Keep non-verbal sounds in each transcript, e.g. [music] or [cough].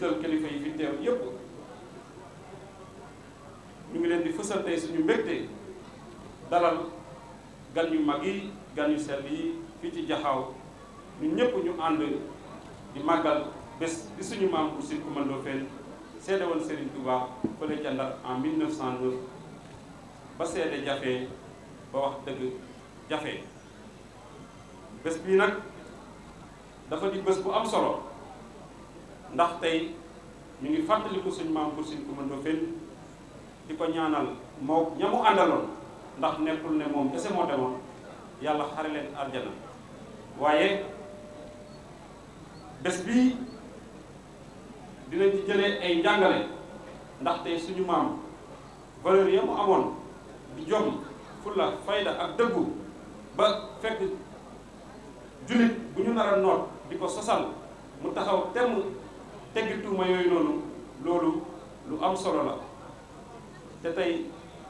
njiital kilifa yi fi teew yépp ñu ngi leen di fësal tey suñu mbégte dalal gan yu mag yi gan yu sell yi fii ci jaxaw ñun ñëpp ñu ànd di màggal bés bi suñu maam bu Sine Coumba Ndoffène seede woon Serigne Touba fële ca Ndar en 1909 ba seede jafe ba wax dëgg jafe bés bii nag dafa di bés bu am solo ndax tey ñu ngi fàttaliku suñu maam Bur Sine Kumba Ndoffène di ko ñaanal moo ñamu mu àndaloon ndax nekkul ne moom kese moo demoon yàlla xare leen arjana waaye bés bii dinañ ci ay njàngale ndax suñu maam valeur ya mu amoon di jom fulla fayda ak dëggu ba fekk jullit bu ñu nar a noot di ko sosal mu taxaw temm teggi tuuma yooyu noonu loolu lu am solo la te tey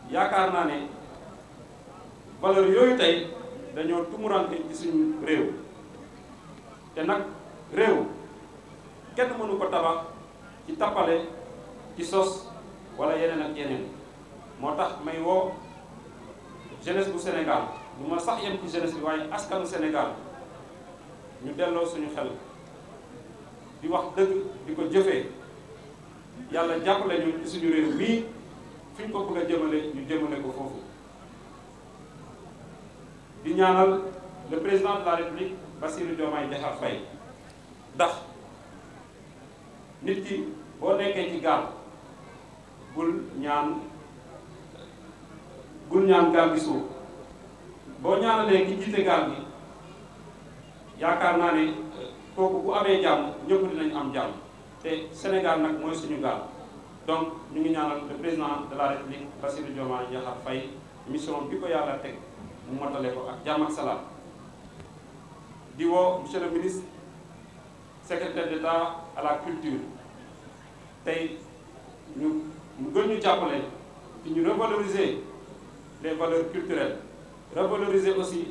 yaakaar naa ne valeur yooyu tey dañoo tumurante ci suñu réew te nag réew kenn mënu ko tabax ci tappale ci sos wala yeneen ak yeneen moo tax may woo jeunesse bu Sénégal du sax yem ci jeunesse bi waaye askanu Sénégal ñu delloo suñu xel di wax dëgg di ko jëfee yàlla jàppale ñu ci suñu réew mii fi ñu ko bëgg a ñu jëmale ko foofu di ñaanal le président de la république Bassirou Diomaye Diakhar Faye ndax nit ki boo nekkee ci gaal bul ñaan bul ñaan gaal gi suuf boo ñaanalee ki jiite gaal gi yaakaar naa ni kooku bu amee jàmm ñëpp dinañ am jàmm te Sénégal nag mooy suñu gaal donc ñu ngi ñaan ñaanal le président de la république Bassirou Diomaye Diakhar Faye mission bi ko yàlla teg mu matale ko ak jàmm ak salaam di woo monsieur le ministre secrétaire d'État à la culture tey ñu mu gën ñu jàppale ci ñu revaloriser les valeur culturelles revaloriser aussi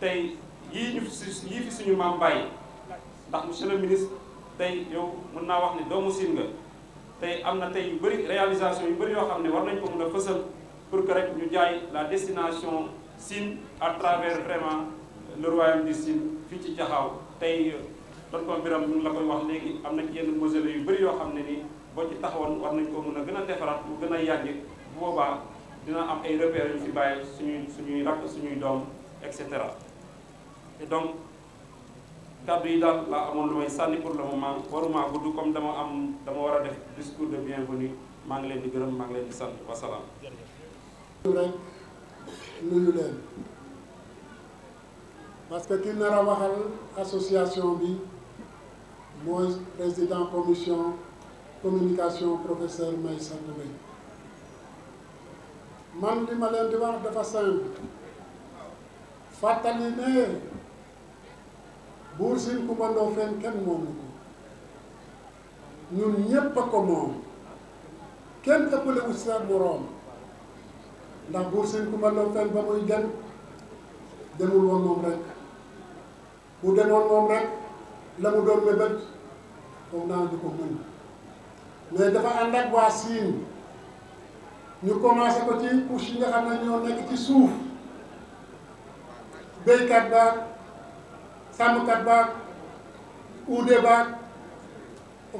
tey yii ñu fi yii fi suñu maam bàyyi ndax monsieur le ministre tey yow mën naa wax ne doomu siin nga tey am na tey yu bëri réalisation yu bëri yoo xam ne war nañ ko mën a fësal pour que ñu jaay la destination Sine à travers vraiment le royaume du fii ci Jaxaaw tey euh, doon ko biram ñu la koy wax léegi am na ci yenn mausolée yu bëri yoo xam ne nii boo ci taxawoon war nañ ko mën a gën a defaraat mu gën a yàgg boobaa dina am ay repères yu fi bàyyi suñuy suñuy rakk suñuy doom et cetera kàddu yi daal laa amoon lu may sànni pour le moment waruma gudd comme dama am dama war a def discours de bienvenue maa ngi leen di gërëm maa ngi leen di sant wasalaam. rek nuyu leen parce que ki nar a waxal association bi mooy président communication professeur Meissa Touré man li ma leen di wax dafa simple fàttali ne. buur Siin Kumba Ndoofeen kenn moomu ko ñun ñépp a ko moom kenn ëppale wu sa moroom ndax buur Siin Kumba Ndoofeen ba muy dem demul woon moom rek bu demoon moom rek la mu doon mébét foog naa du ko mën mais dafa ànd ak waa Siin ñu commencé ko ci couche nga xam ne ñoo nekk ci suuf béykat ba sàmmkat baag uude baag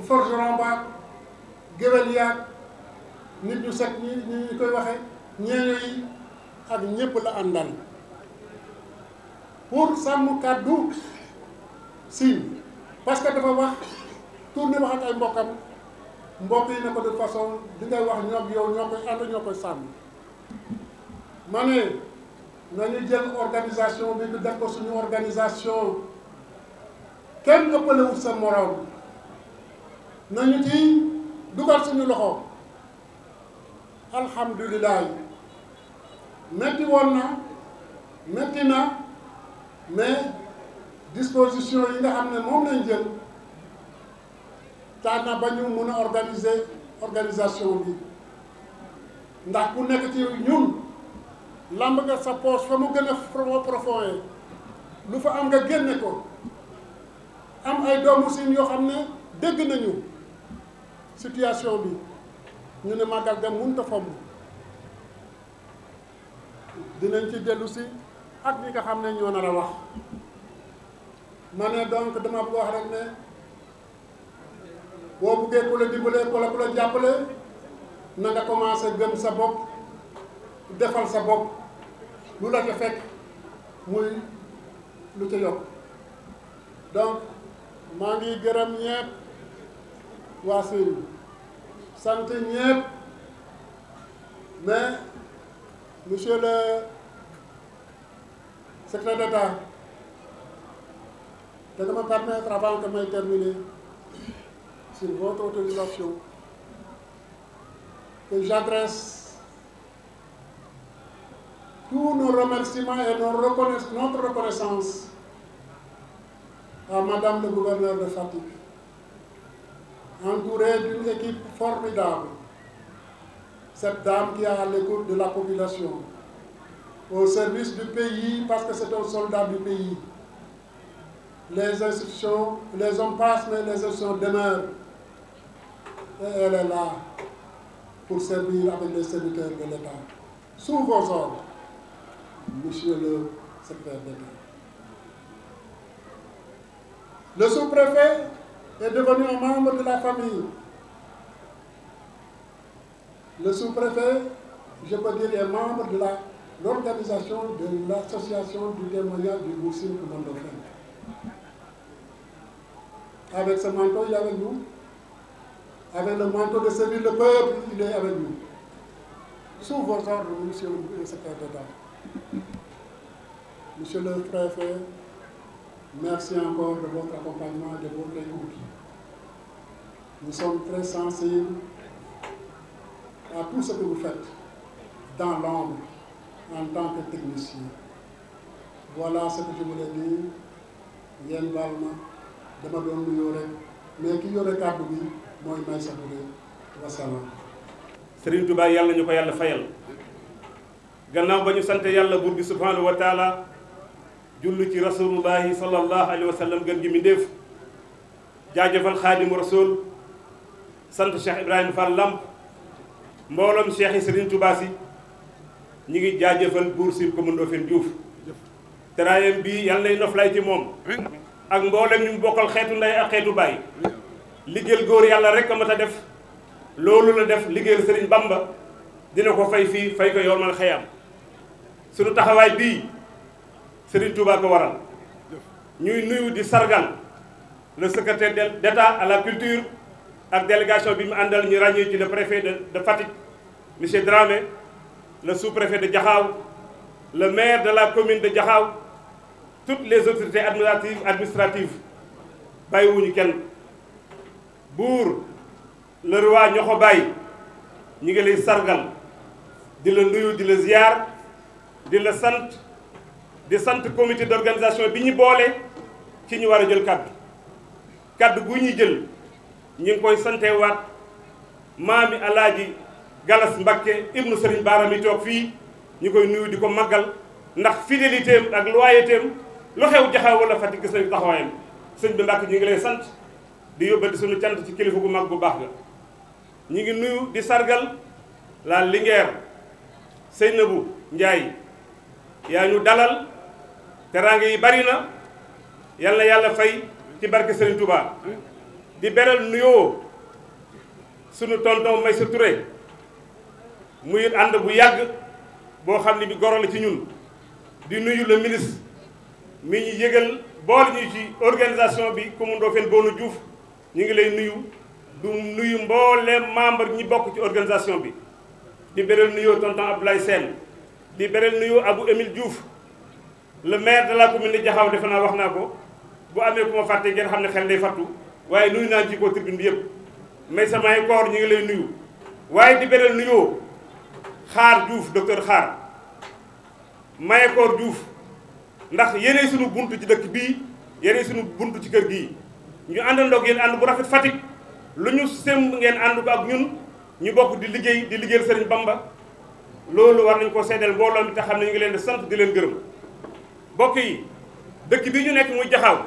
forgeron baag géwél yaag nit ñu set ñi ñu koy waxe ñeeño yi ak ñépp la àndal pour sàmm kàddu siin parce que dafa wax tourné wax ak ay mbokkam mbokk yi ne ko de façon di wax ñoom yow ñoo koy ànd ñoo koy sàmm ma ne nañu jël organisation bi ñu def ko suñu organisation kenn ëppalewul sa moroom nañu ci dugal suñu loxo alhamdulilah metti woon na metti na mais disposition yi nga xam ne moom lañ jël tax na ba ñu mun a organiser organisation bi ndax ku nekk ci ñun lamb nga sa poche fa mu gën a profond lu fa am nga génne ko am ay doomu siin yoo xam ne dégg nañu situation bi ñu ne màggal ga mënut a fomm dinañ ci dellu si ak ñi nga xam ne ñoo nar a wax ma donc dama bëgg wax rek ne boo buggee ku la dimbalee ku la ku jàppale na nga commencé gën sa bopp defal sa bopp lu la ca fekk muy lu ca yokk donc maa ngi gërëm ñépp waa Sédhiou sant ñépp mais monsieur le secrétaire d'État da nga ma permettre avant que may terminer sur votre autorisation que j'adresse tous nos remerciements et nos reconna a Madame le gouverneur de Fatick, entourée d'une équipe formidable, cette dame qui est à de la population, au service du pays, parce que c'est un soldat du pays. Les institutions, les hommes passent, mais les institutions demeurent. Et elle est là pour servir avec les serviteurs de l'État. Sous vos ordres, monsieur le secrétaire d'État. Le sous-préfet est devenu un membre de la famille. Le sous-préfet, je peux dire, est de la l'organisation de l'association du témoignage du Moussim Mandofin. Avec ce manteau, il est avec nous. Avec le manteau de celui le peuple, il est avec nous. Sous vos ordres, monsieur le secrétaire d'État, monsieur le préfet, Merci encore de votre accompagnement et de votre écoute. Nous sommes très sensibles à tout ce que vous faites dans l'ombre en tant que technicien. Voilà ce que je voulais dire yéen baal ma dama doon nuyoo rek mais ki yore kàddu bi mooy may sa Touré wasalaam. Serigne Touba yàlla ñu ko yàlla fayal gannaaw ba ñu sant yàlla buur bi subhanahu wa jullu ci rasulullahi sallallahu alayhi wa sallam gën gi mi ndéef jaajëfal xaadimu rasul sant Cheikh Ibrahima Fall Lamp mbooloom Cheikh yi Serigne Touba si ñu ngi jaajëfal buur sil ko mën Ndofène Diouf teraayam bii yàlla nay noflaay ci moom ak mboolem ñu bokkal xeetu nday ak xeetu bàyyi liggéeyal góor yàlla rek a mat a def loolu la def liggéeyal Serigne Bamba dina ko fay fii fay ko yomal xëyam sunu taxawaay bii Serigne Touba ko waral ñuy nuyu di sargal le secrétaire d'État à la culture ak délégation bi mu àndal ñu ràññee ci préfet de Fatick monsieur Dramé le sous-préfet de Diakhao le maire de la commune de Diakhao toutes les autorités administratives administratives bàyyiwuñu kenn buur le roi ñoxo bàyyi ñi ngi lay sargal di la nuyu di la ziyaar di la sant di sant comité d'organisation bi ñu boole ci ñu war a jël kaddu kàddu gu ñu jël ñu ngi koy santewaat maami alaaji Galas Mbakke ibnu Sëriñ Baara mi toog fii ñu koy nuyu di ko màggal ndax fidélité am ak loyauté am lu xew jaxaw wala Fatick gis nañu taxawaayam sëñ bi Mbakke ñu ngi lay sant di yóbbante suñu cant ci kilifa bu mag bu baax la ñu ngi nuyu di sargal la Linguère Seynabou njaay yaa ñu dalal teraanga yi bari na yal na yàlla fay ci barke Serigne Touba di beral nuyoo sunu tonton Maysa Touré muy ànd bu yàgg boo xam ne bi goro la ci ñun di nuyu le ministre mi ñu yëgal bool ñu ci organisation bi commune Ndofène Bouna juuf ñu ngi lay nuyu du nuyu mboolem membre ñi bokk ci organisation bi di beral nuyoo tonton Abdoulaye Sène di beral nuyoo Abou Émile Diouf le maire de la commune de Diakhao defe naa wax naa ko bu amee ku ma fàtte ngeen xam ne xel day fàttu waaye nuyu naa ci ko tribune bi yëpp mais samay koor ñu ngi lay nuyu waaye di beneen nuyoo xaar Diouf docteur xaar maye koor Diouf ndax yéenay sunu bunt ci dëkk bii yéenay sunu bunt ci kër gii ñu àndandoog yéen ànd bu rafet Fatick lu ñu sëmb ngeen ànd ko ak ñun ñu bokk di liggéey di liggéeyal Serigne Bamba loolu war nañ ko seddeel mbooloo mi te xam ne ñu ngi leen di sant gërëm bokk yi dëkk bii ñu nekk muy jaxaaw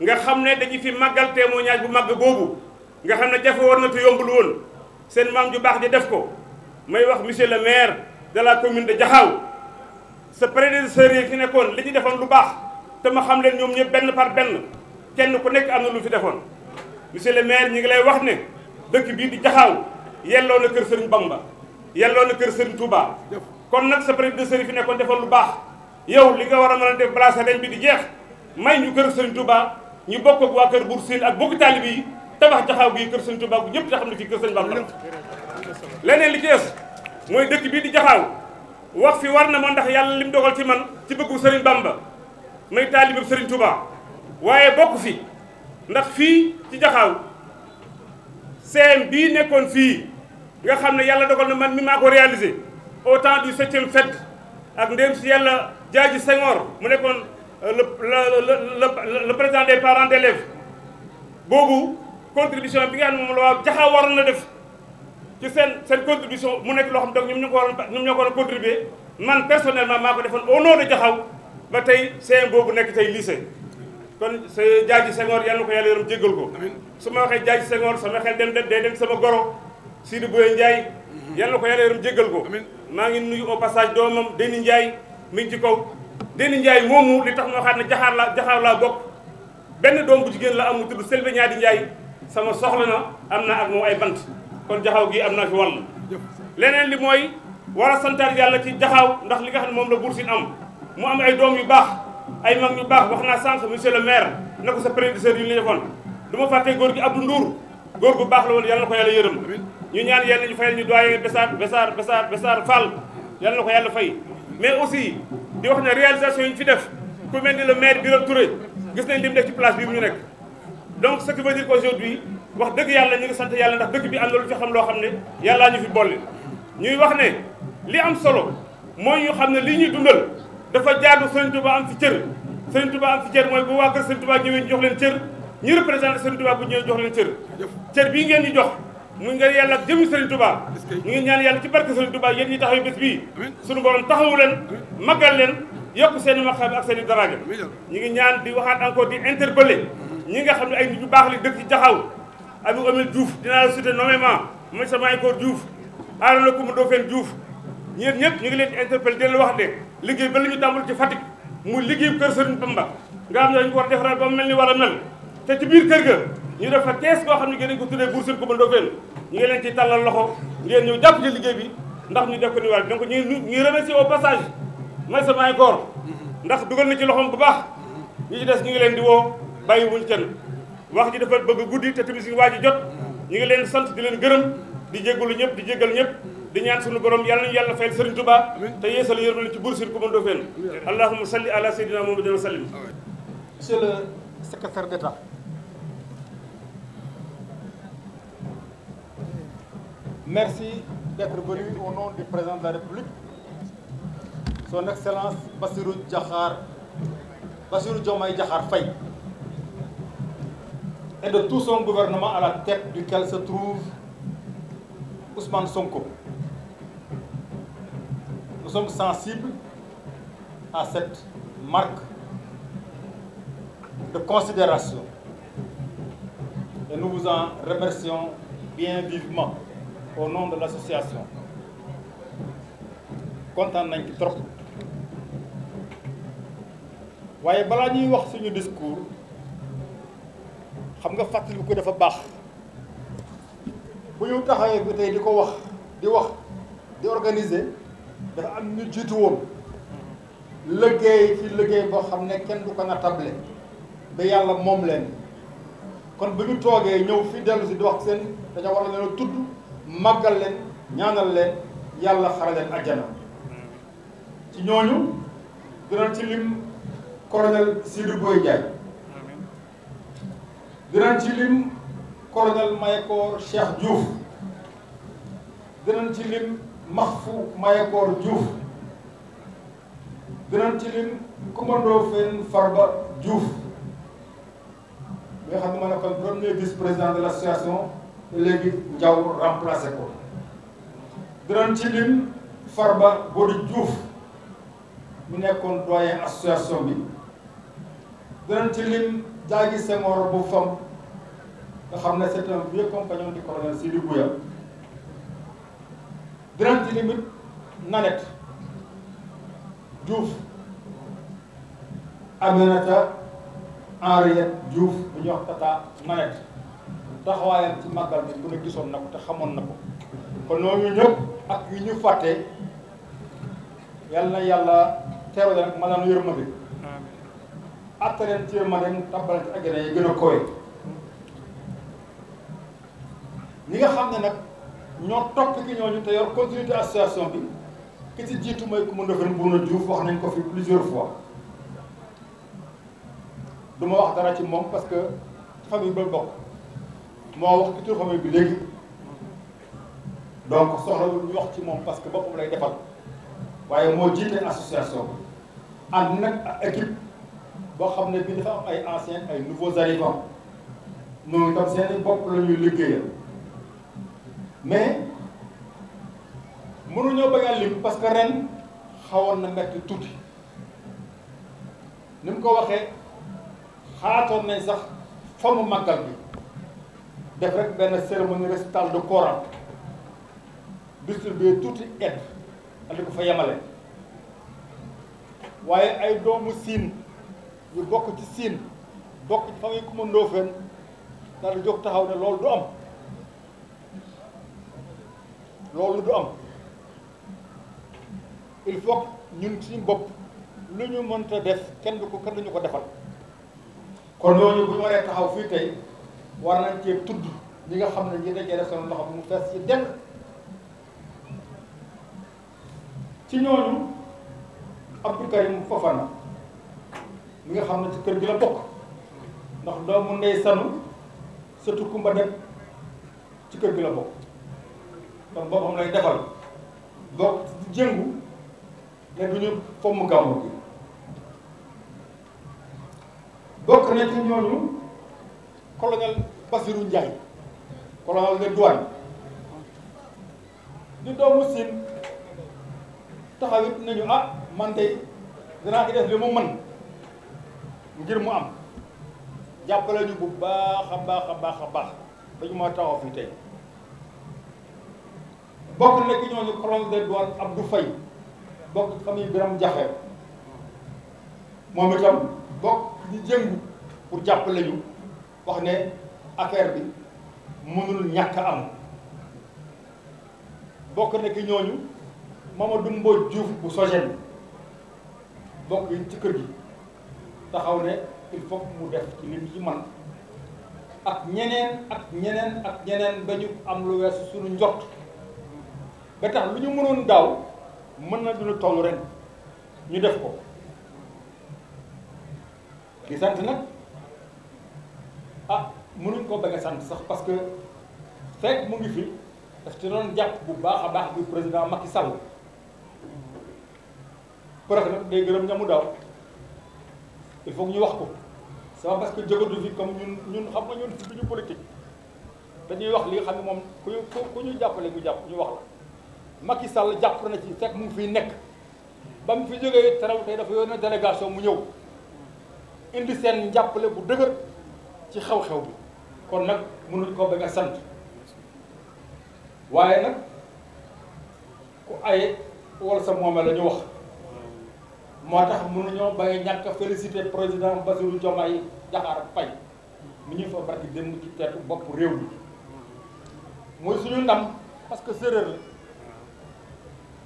nga xam ne dañu fi màggal témoignage bu màgg boobu nga xam ne jafe woon na te yombul woon seen maam ju baax di def ko may wax monsieur le maire de la commune de jaxaaw sa prédécesseur yi fi nekkoon li ñu defoon lu baax te ma xam leen ñoom ñëpp benn par benn kenn ku nekk am na lu fi defoon monsieur le maire ñi ngi lay wax ne dëkk bii di jaxaaw yelloo na kër sëriñ Bamba yelloo na kër sëriñ Touba kon nag sa prédécesseur yi fi nekkoon defoon lu yow li nga war a mën a def balaa sa bi di jeex may ñu kër sëñ Touba ñu bokk ak waa kër Bour Sine ak bokk taalib yi tabax jaxaaw gi kër sëñ Touba bu ñëpp xam ne fii kër sëñ Bamba leneen li ci des mooy dëkk bii di jaxaaw wax fi war na ma ndax yàlla lim dogal ci man ci bëggu sëriñ Bamba may taalibam sëriñ Touba waaye bokk fi ndax fii ci jaxaaw CM bii nekkoon fii nga xam ne yàlla dogal na man mi maa ko réalisé au temps du septième fête ak ndéem si yàlla Jaaji Senghor mu nekkoon euh, le le le président des parents d'élèves boobu contribution bi nga xam ne moom la waaw jaxaw waroon na def ci seen seen contribution mu nekk loo xam ne ñoom ñu ko waroon ñoom ñoo ko waroon contribuer man personnellement maa ko defoon au nom de jaxaw ba tey CM boobu nekk tey lycée kon sa Jaaji Senghor yàlla na ko yàlla yërëm jéggal ko su ma waxee Jaaji Senghor sama xel dem dem day dem sama goro Sidi Boye Ndiaye mm-hmm. yàlla ko yàlla maa ngi nuyu au passage doomam Deni Ndiaye mi ngi ci kaw Deni Ndiaye moomu li tax ma waxaat ne jaxaar laa jaxaar laa bokk benn doom bu jigéen la am mu tudd Selbe Ñaadi Ndiaye sama soxla na am naa ak moom ay bant kon jaxaw gi am naa fi wàll leneen li mooy war a santaar yàlla ci jaxaaw ndax li nga xam ne moom la Bour Sine am mu am ay doom yu baax ay mag yu baax wax naa sànq monsieur le maire na ko sa prédécesseur yu ñu la defoon du ma fàttee góor gi Abdou Ndour góor gu baax la woon yàlla na ko ñu ñaan yàlla ñu fayal ñu doyen Bessar Bessar Bessar Bessar Fall yàlla na ko yàlla fay mais aussi di wax ne réalisation yi ñu fi def ku mel ni le maire Birame Touré gis nañ li mu ci place bii bu ñu nekk donc ce qui veut dire qu'aujourd'hui wax dëgg yàlla ñu ngi sant yàlla ndax dëgg bi am na lu ci xam loo xam ne yàllaa ñu fi boole ñuy wax ne li am solo mooy ñu xam ne li ñuy dundal dafa jaadu Serigne Touba am fi cër Serigne Touba am fi cër mooy bu waa kër Serigne Touba leen cër ñi représenté Serigne Touba bu jox leen bii ngeen ñu jox muy nga yàlla ak jëmi Serigne Touba ñu ngi ñaan yàlla ci barke Serigne Touba yéen ñi taxaw bés bii suñu borom taxawu leen màggal leen yokk seen i maqaam ak seen i daraaja ñu ngi ñaan di waxaat encore di interpeller ñi nga xam ne ay nit ñu baax li dëkk ci jaxaw Abi Omel Diouf dinaa la cité nommément mooy sa Maykor Diouf Arona Coumba Ndoffène Diouf ñeen ñu ngi leen di interpellé di wax de liggéey ba la ñu tàmbul ci Fatick muy liggéey kër Serigne Bamba nga xam ne dañu ko war a ba mu mel ni war a mel te ci biir kër ga ñu def fa kees boo xam ne gën a ko tuddee Buur Sine Coumba Ndoffène ñu ngi leen ci tàllal loxo ngeen ñëw jàpp ci liggéey bi ndax ñu def ko ni waay donc ñu ñuy remercier au passage may sa maay góor ndax dugal na ci loxoom bu baax ñi ci ñu ngi leen di woo bàyyi wuñ kenn wax ji dafa bëgg guddi te tamit suñu waa ji jot ñu ngi leen sant di leen gërëm di jéggalu ñëpp di jéggal ñëpp di ñaan suñu borom yàlla nañu yàlla fayal Serigne Touba te yeesal yërmande ci Buur Sine Coumba Ndoffène allahumma salli ala sayyidina Muhammadin wa sallim monsieur le Merci d'être venu au nom du président de la République, son Excellence Bassirou Diakhar, Bassirou Diomaye Diakhar Faye, et de tout son gouvernement à la tête duquel se trouve Ousmane Sonko. Nous sommes sensibles à cette marque de considération et nous vous en remercions bien vivement. au nom de l' association kontaan nañ ci trop waaye balaa ñuy wax suñu discours xam nga fàttaliku ko dafa baax bu ñu taxawee bi tey di ko wax di wax di organiser dafa am ñu jiitu woon liggéey ci liggéey boo xam ne kenn du ko na table ba yàlla moom leen kon bu ñu toogee ñëw fii dellu si di wax seen dañoo war a leen tudd màggal leen ñaanal leen yàlla xaraleen ajjana ci ñooñu dinañ ci lim colonel Sidou Boy Diagne dinañ ci lim colonel Mahécor Cheikh Diouf dinañ ci lim Mahfou Mahécor Diouf dinañ ci lim commando Fène Farba Diouf bi nga xam ne ne kon premier vice président de l' association léegi Njaw remplacé ko dinañ ci lim Farba Bodi Diouf mu nekkoon doyen association bi dinañ ci lim bu fam nga xam ne c'est un vieux compagnon du colonel Sidi Bouya dinañ ci lim it Nanette Diouf Aminata Henriette Diouf bu ñuy wax Tata taxawaayam ci màggal bi ku ne gisoon na te xamoon na ko kon ñooñu ñëpp ak yu ñu fàtte yal na yàlla teeru leen ak maanaam yërmande attaleen ci yërmande mu tàbbaleen ci àjjana gën a koy ñi nga xam ne nag ñoo topp ki ñooñu te yor continuité association bi ki ci jiitu mooy ku mu Ndofène Bouna Diouf wax nañ ko fi plusieurs fois du wax dara ci moom parce que famille ba bokk moo wax ci tur bi léegi donc soxlawul ñu wax ci moom parce que boppam lay defal waaye moo jiite association bi ànd nag ak boo xam ne bi dafa ay anciens ay nouveaux arrivants ñooñu tam seen bopp la ñuy liggéeyal mais mënuñoo bañ a lim parce que ren xawoon na metti tuuti ni mu ko waxee xaatoon nañ sax fa mu màggal bi def rek benn cérémonie récital de Coran distribuer tuuti aide andi ko fa yemale waaye ay doomu siin yu bokk ci siin bokk ci famille Coumba Ndoffène daal di jóg taxaw ne loolu du am loolu du am il faut ñun suñu bopp lu ñu mënta def kenn du ko kenn duñu ko defal kon ñooñu bu ñu waree taxaw fii tey war nañ cee tudd ñi nga xam ne ñi dajee def seen loxo bu mu fees ci denn ci ñooñu Abdou Karim Fofana mi nga xam ne ci kër gi la bokk ndax doomu ndey sanu surtout Kumba dem ci kër gi la bokk kon boppam lay defal bokk jëngu ne du ñu fomm gàmmu gi bokk na ci ñooñu colonel Basirou Ndiaye colonel de douane di doomu Sine taxawit nañu ah man tey dinaa ci def li mu mën ngir mu am jàppale ñu bu baax a baax a baax a baax ba ñu ma taxaw fii tey bokk na ki ñooñu colonel de douane Abdou Faye bokk famille Biram Jaxe moom itam bokk ñu jëngu pour jàppale ñu wax ne affaire bi mënul ñàkk am bokk na ki ñooñu Mamadou Mbodj Diouf bu Sogem bokk ci kër gi taxaw ne il faut mu def ci lim ci man ak ñeneen ak ñeneen ak ñeneen ba ñu am lu wees suñu njot ba tax lu ñu mënoon daaw mën na duñu toll ren ñu def ko di nag ah mënuñ ko bëgg a sant sax parce que fekk mu ngi fii daf ci noonu jàpp bu baax a baax bi président Macky Sall prof nag day gërëm ñamu daaw il faut ñu wax ko c'est parce que jógatu fi comme ñun ñun xam nga ñun fi ñu politique dañuy wax li xam ne moom ku ñu ku ñu jàppale ñu jàpp ñu wax la Macky sàll jàpp na ci fekk mu ngi fii nekk ba mu fi jógee teraw tey dafa yoon na mu ñëw indi seen njàppale bu dëgër ci xew-xew bi kon nag mënuñ koo bëgg a sant waaye nag ku aye wala sa moome la ñu wax moo tax mënuñoo bàyyi ñàkk a félicité président Bassirou Diomaye Diakhar Faye mi ñu fa barki dem ci teetu bopp réew mi mooy suñu ndam parce que séeréer la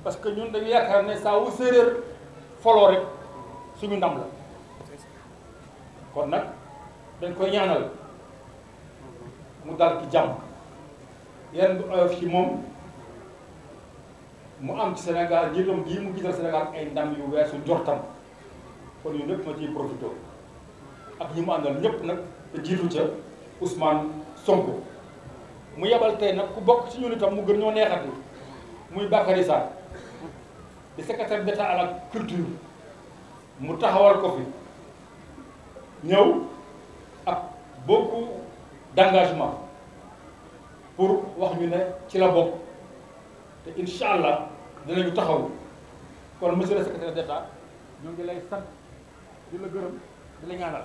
parce que ñun dañu yaakaar ne saa wu séeréer foloo rek suñu ndam la kon nag dañ koy ñaanal mu dal ci jàmm yan bu oyof ci moom mu am ci Sénégal njiitam gii mu gisal Sénégal ay ndam yu weesu njortam kon ñu ñëpp ma ciy profité ak ñi mu àndal ñëpp nag te jiitu ca Ousmane Sonko mu yebal tey nag ku bokk ci ñun itam mu gën ñoo neexati muy Bakary Sarr di secrétaire d'État à culture mu taxawal ko fi ñëw beaucoup d'engagement pour wax ñu ne ci la bokk te incha allah dinañu taxaw kon monsieur le secrétaire d'État ñu ngi lay sant di la gërëm di la ñaanal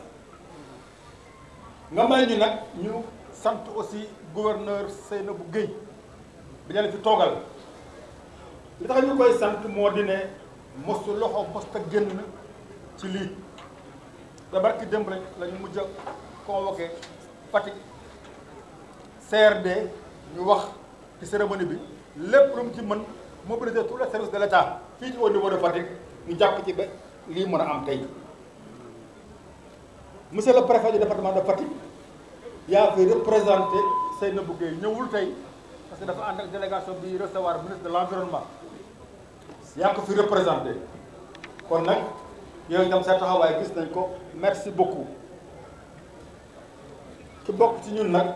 nga may ñu nag ñu sant aussi gouverneur Seynabou bu bi ñu fi toogal li tax ñu koy sant moo di ne mosu loxo mosta génn ci lii te barki démb rek la ñu mujj convoqué Fatick CRD ñu wax ci cérémonie bi lépp lu mu ci mën mobiliser tous les services de l'État fii ci au niveau de Fatick ñu jàpp ci ba lii mën a am tey monsieur le préfet du département de Fatick yaa fi seen Seynabou Gueye ñëwul tey parce que dafa ànd ak délégation bi recevoir ministre de l'environnement yaa ko fi représenté kon nag yooyu tam sa taxawaay gis nañ ko merci beaucoup ki bokk ci ñun nag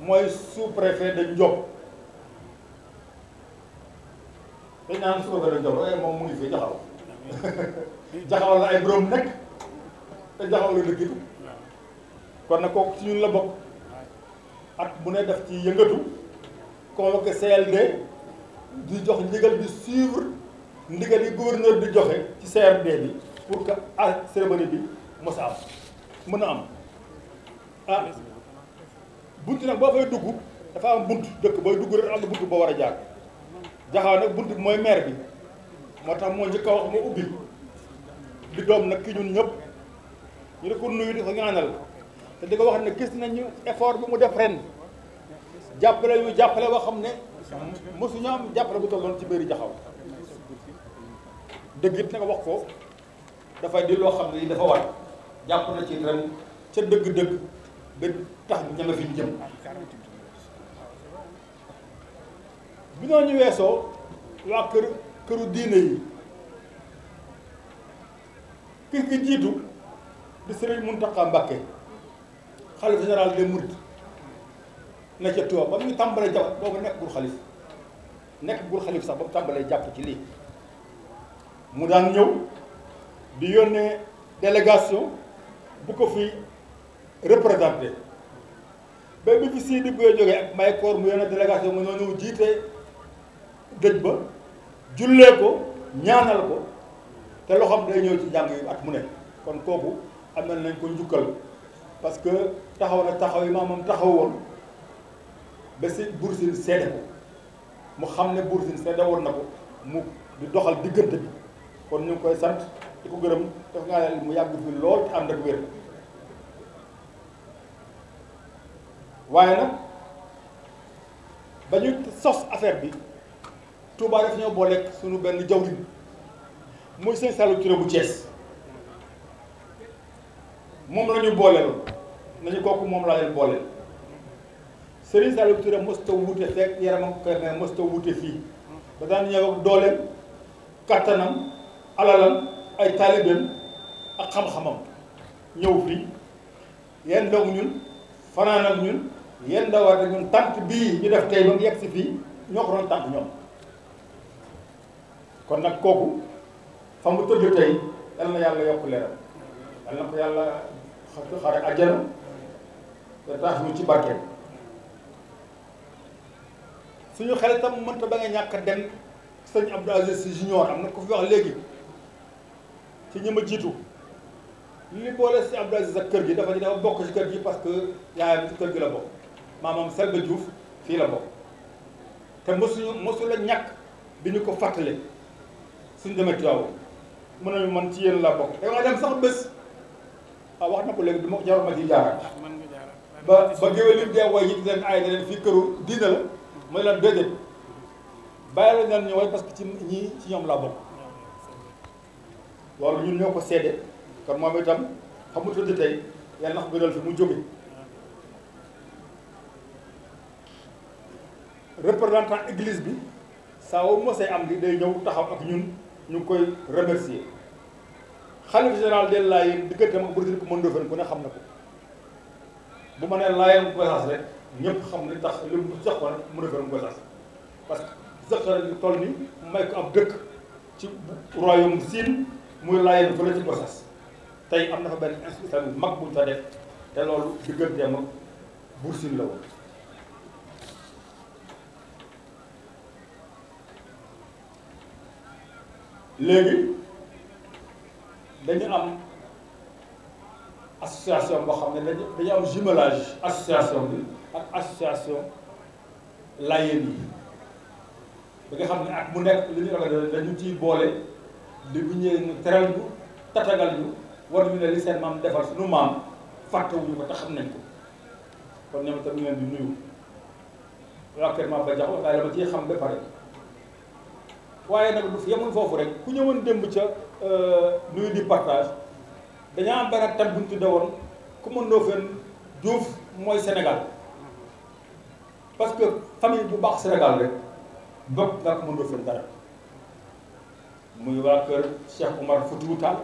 mooy sous-préfet de Ndiob dañ naan sous-préfet waaye moom mu ngi fi jaxaw [laughs] jaxaw la ay borom nekk te jaxaw la dëkk kon nag kooku ci ñun la bokk at bu ne def ci yëngatu convoqué CLD di jox njëgal di suivre ndigal yi gouverneur di joxe ci CRD bi pour que ah cérémonie bi mos am mën a am. ah bunt nag boo fay dugg dafa am bunt dëkk booy dugg rek am na bunt boo war a jaar jaxaw nag bunt bi mooy maire bi moo tax moo njëkk a wax moo ubbi di doom nag ki ñun ñëpp ñu di ko nuyu di ko ñaanal di ko wax ne gis nañu effort bi mu def ren jàppale yu jàppale boo xam ne mosuñu am jàppale bu tolloon ci biir jaxaw dëgg it nag wax ko dafay di loo xam ne dafa war jàpp na ci ren ca dëgg-dëgg ba tax ña nga fi ñu jëm bi noo ñu weesoo waa kër këru diine yi ki ki jiitu di Sëriñ Muntaxa Mbàkke xalif général des Mourides na ca Tuuba ba mu tàmbalee jàpp boobu nekk bul xalif nekk bul xalif sax ba mu tàmbalee jàpp ci lii mu daan ñëw di yónnee délégation bu ko fi représenté ba bi fi Sidi Boye jógee ak Maykoor mu yónnee délégation mu noonu jiite dëj ba jullee ko ñaanal ko te xam day ñëw ci jàng yi at mu ne kon kooku am na nañ ko njukkal parce que taxaw na taxaw yi maamam taxaw woon ba si Bour Sine ko mu xam ne Bour Sine woon na ko mu di doxal diggante bi kon ñu ngi koy sant di ko gërëm daf ngaa mu yàgg lool te ànd ak wér waaye nag ba ñu sos affaire bi Touba daf ñoo booleeg suñu benn jawriñ muy sëñ Saliou Touré bu Thiès moom la ñu booleel nañu kooku moom laa leen booleel Serigne Saliou Touré mosta wuute fekk yaramam kër ne mosta wuute fii da daan ñëw ak dooleem kattanam alalam ay taalibeem ak xam-xamam ñëw fii yenn doog ñun fanaan ñun yéen da war ñun tànt bii ñu def tey ba mu yegg si fii ñoo ko doon tànt ñoom kon nag kooku fa mu tëdd tey yal na yàlla yokk leeram yal na ko yàlla xare àjjana te taas ñu ci barkeel suñu xel itam mënta ba nga ñàkk dem sëñ Abdou Aziz Sy junior am na ko fi wax léegi ci ñi ma jiitu li boole si Abdou Aziz ak kër gi dafa ni dafa bokk ci kër gi parce que yaayam ci kër gi la bokk maamam Selbe Diouf fii la bokk te mosuñu mosu la ñàkk bi ñu ko fàttali suñ demee Tivaouane mën nañu man ci yéen la bokk da nga dem sax bés ah wax na ko léegi du ma jarul ma ciy ah, jaaraat ba ba géwél yi dee woy yi leen aay da leen fii këru diina la mooy leen déedéet bàyyi la ñu woy parce ci ñii ci ñoom laa bokk loolu ñun ñoo ko seede kon moom itam xam nga tey yàlla na ko gënal fi mu jóge représentant eglise bi saa woo mosee am li day ñëw taxaw ak ñun ñu ngi koy remercier xalif général des Layènes digganteem ak Boury ko mën Ndofène ku ne xam na ko bu ma nee Layène Gossas rek ñëpp xam li tax li mu jox ko rek mu Ndofène Gossas parce que jox rek toll ni may ko ab dëkk ci royaume Sine muy Layène fële ci Gossas tey am na fa benn institution bu mag bu ñu fa def te loolu digganteem ak Boury la woon. léegi dañu am association boo xam ne dañu dañu am jumelage association bi ak association layeen yi ba nga xam ne ak mu nekk li ñu organisé dañu ciy boole li bu ñëwee ñu teral ñu tatagal ñu war ñu ne li seen maam defal suñu maam fàttewuñu ko te xam nañ ko kon ñoom itam ñu leen di nuyu. waaw kër Maba Diakhou waaye dama ciy xam ba pare. waaye nag du yemuñ foofu rek ku ñëwoon démb ca euh, nuyu di partage dañoo am benn thème bu ñu tuddee woon Coumba Ndoffène mooy Sénégal parce que famille bu baax Sénégal rek bokk nga Coumba Ndoffène dara muy waa kër Cheikh Oumar Foutiyou Tall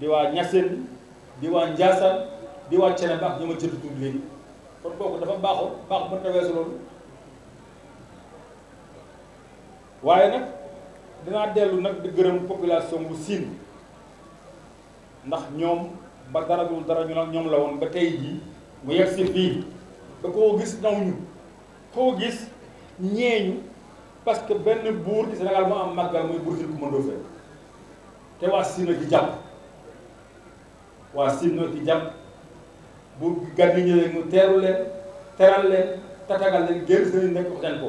di waa Niassène di waa Ndiassane di waa Thiénaba ak ñi ma jënd tuuti léegi kon dafa baaxoo baax mën na weesu loolu. waaye nag dinaa dellu nag di gërëm population bu siin ndax ñoom ba dara dul dara ñu ñoom la woon ba tey jii mu yegg si fii ba koo gis naw ñu koo gis ñeeñu parce que benn buur ci Sénégal moo am màggal muy buur Sine Coumba Ndoffène te waa Sine ci jàpp waa Sine ci jàpp buur gi gan mu teeru leen teral leen tatagal leen génn sëriñ nekk wax leen ko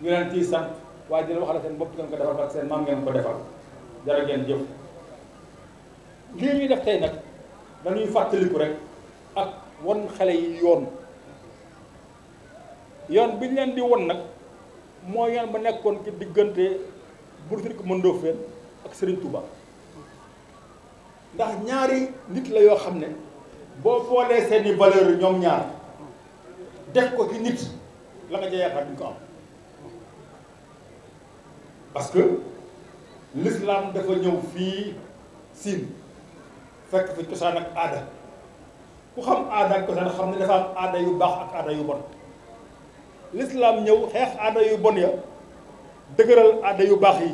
ñu leen ciy sant waaye dina waxal seen bopp ngeen ko defal ak seen maam ngeen ko defal jërë ngeen jëf lii ñuy def tey nag dañuy fàttaliku rek ak won xale yi yoon yoon bi ñu leen di won nag moo yoon ba nekkoon ci diggante mën sirk Mandofeen ak Serigne Touba ndax ñaari nit la yoo xam ne boo boolee seeni valeur ñoom ñaar def ko ci nit la nga ca yaakaar duñ ko am parce que l'islam dafa ñëw fii Siin fekk fi cosaan ak aada ku xam aada ak cosaan xam ne dafa am aada yu baax ak aada yu bon l'islam ñëw xeex aada yu bon ya dëgëral aada yu baax yi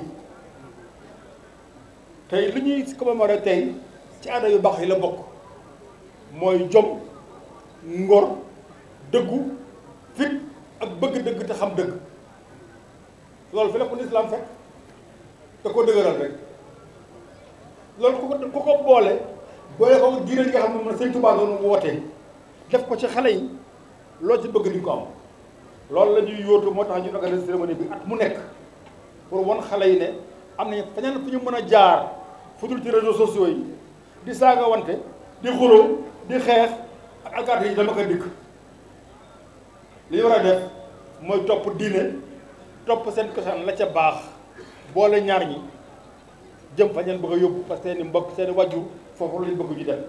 tey li ñuy commémorer tey ci aada yu baax yi la bokk mooy jom ngor dëggu fit ak bëgg dëgg te xam dëgg loolu fi la ko lislaam fekk da koo dëgëral rek loolu ku ko ku ko boole boole ko diine nga xam ne man sëñ Tuubaa mu wootee def ko ci xale yi loolu ci bëgg di ko am loolu la ñuy yóotu moo tax ñu organiser cérémonie bi at mu nekk pour won xale yi ne am nañ feneen fu ñu mën a jaar fu dul ci réseaux sociaux yi di saaga wante di xuloo di xeex ak alkaati yi dama ko dikk li ñu war a def mooy topp diine topp seen cosaan la ca baax boole ñaar ñi jëm fa ñeen bëgg yóbbu parce que seen i mbokk seen i foofu lañ bëgg ñu dem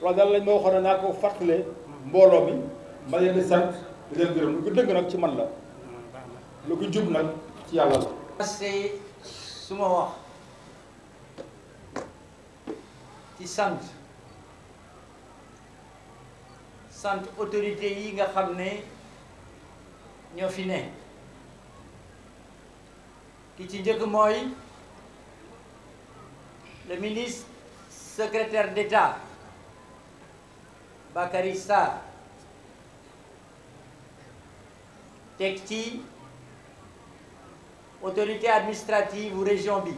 loolu daal lañ ma waxoon na naa ko fàttale mbooloo mi ma leen sant di lu ko dëgg nag ci man la lu ko jub nag ci yàlla la parce que su ma wax ci sant sant autorité yi nga xam ne ñoo fi ne ki ci njëkk mooy le ministre secretaire d'État Bakary Sarr teg ci autorité administrative wu région bi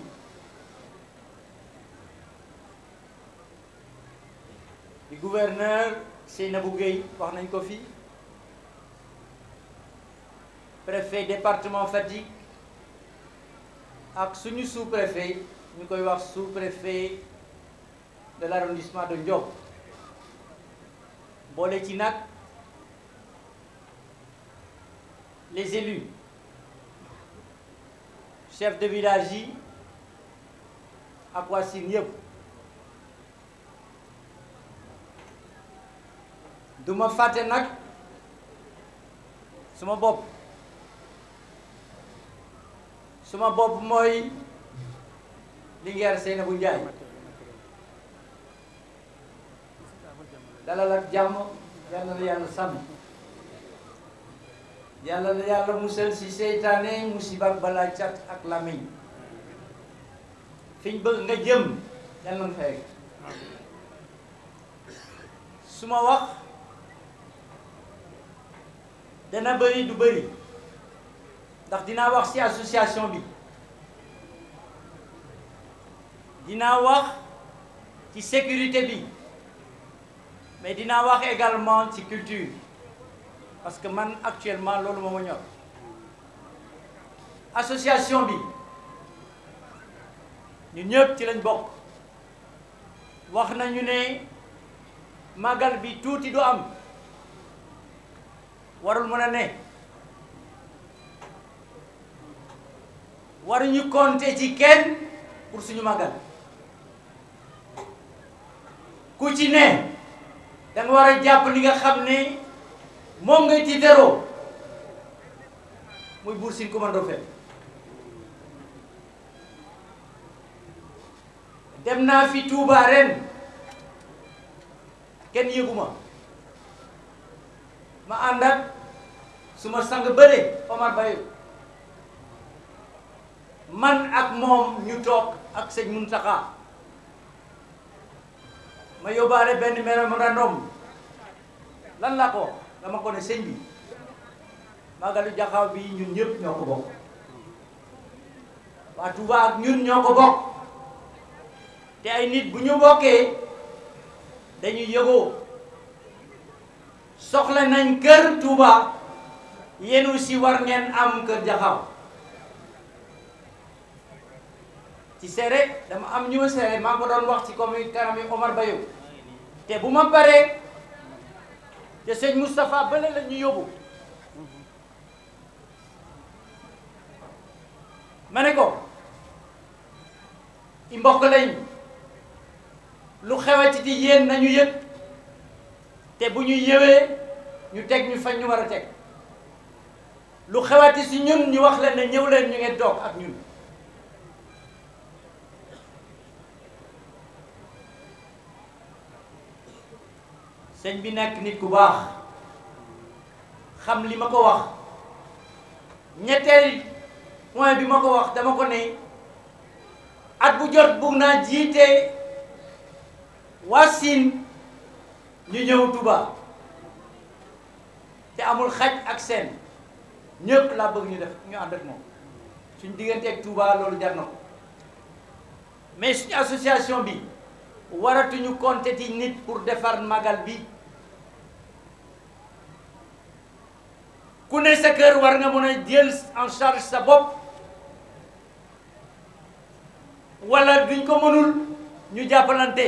di gouverneur Seynabou Gueye wax nañ ko fi préfet département Fatick ak suñu sous-préfet ñu koy wax sous-préfet de l'arrondissement de Ndiob boole ci nag les élus chef de village yi ak waa Sine yëpp duma fàtte nag suma bopp suma bopp mooy Linguère bu Ndiaye dalal ak jàmm yàlla na yàlla sàmm yàlla na yàlla musal si seytaane musiba balaa cat ak làmmiñ fiñ bëgg nga jëm yàlla na fa su ma wax dana bëri du bëri ndax dinaa wax ci association bi dinaa wax ci sécurité bi mais dinaa wax également ci culture parce que man actuellement loolu moo ma ñor association bi ñu ñëpp ci lañ bokk wax nañu ne màggal bi tuuti du am warul mën a ne waruñu compter ci kenn pour suñu màggal ku ci ne da war a jàpp li nga xam ne moom ngay tiitaroo muy Buur Sine Coumba Ndofféne dem naa fi Touba ren kenn yëguma ma ànd ak su ma sang bëre Omar Baye man ak moom ñu toog ak sëñ Muntaxa ma yóbbaale benn mémorandum lan la ko dama ko ne sëñ bi magalu jaxaw bi ñun ñëpp ñoo ko bokk waa Touba ak ñun ñoo ko bokk te ay nit bu ñu bokkee dañu yëgoo soxla nañ kër Touba yéen aussi war ngeen am kër jaxaw ci seere dama am ñu ma seere maa ko doon wax ci commune kanam yi Omar Bayo te bu ma baree te sëñ Moustapha Bale la ñu yóbbu ma ne ko i mbokk lañ lu xewati di yéen nañu yëg te bu ñu yëwee ñu teg ñu fañ ñu war a teg lu xewati si ñun ñu wax leen ne ñëw leen ñu ngeen doog ak ñun sëñ bi nekk nit ku baax xam li ma ko wax ñettee point bi ma ko wax dama ko ne at bu jot bugg naa jiite waa Sine ñu ñëw Touba te amul xaj ak seen ñëpp laa bëgg ñu def ñu ànd ak moom suñ diggante ak loolu jar na association bi waratuñu compter ci nit pour defar magal bi bu ne sa kër war nga mën a jël en charge sa bopp wala duñ ko mënul ñu jàppalante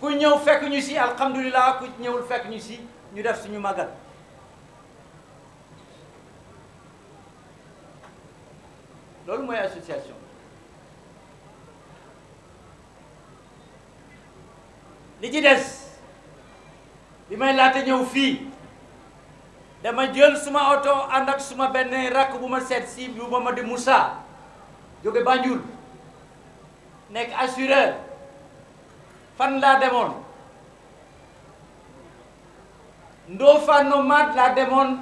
ku ñëw fekk ñu si alhamdulilah ku ñëwul fekk ñu si ñu def suñu màggal loolu mooy association li ci des bi may laata ñëw fii dama jël suma oto ànd ak suma benn rakk bu ma seet si bu ba ma di Moussa jóge Banjul nekk assureur fan laa demoon Ndofane Nomade laa demoon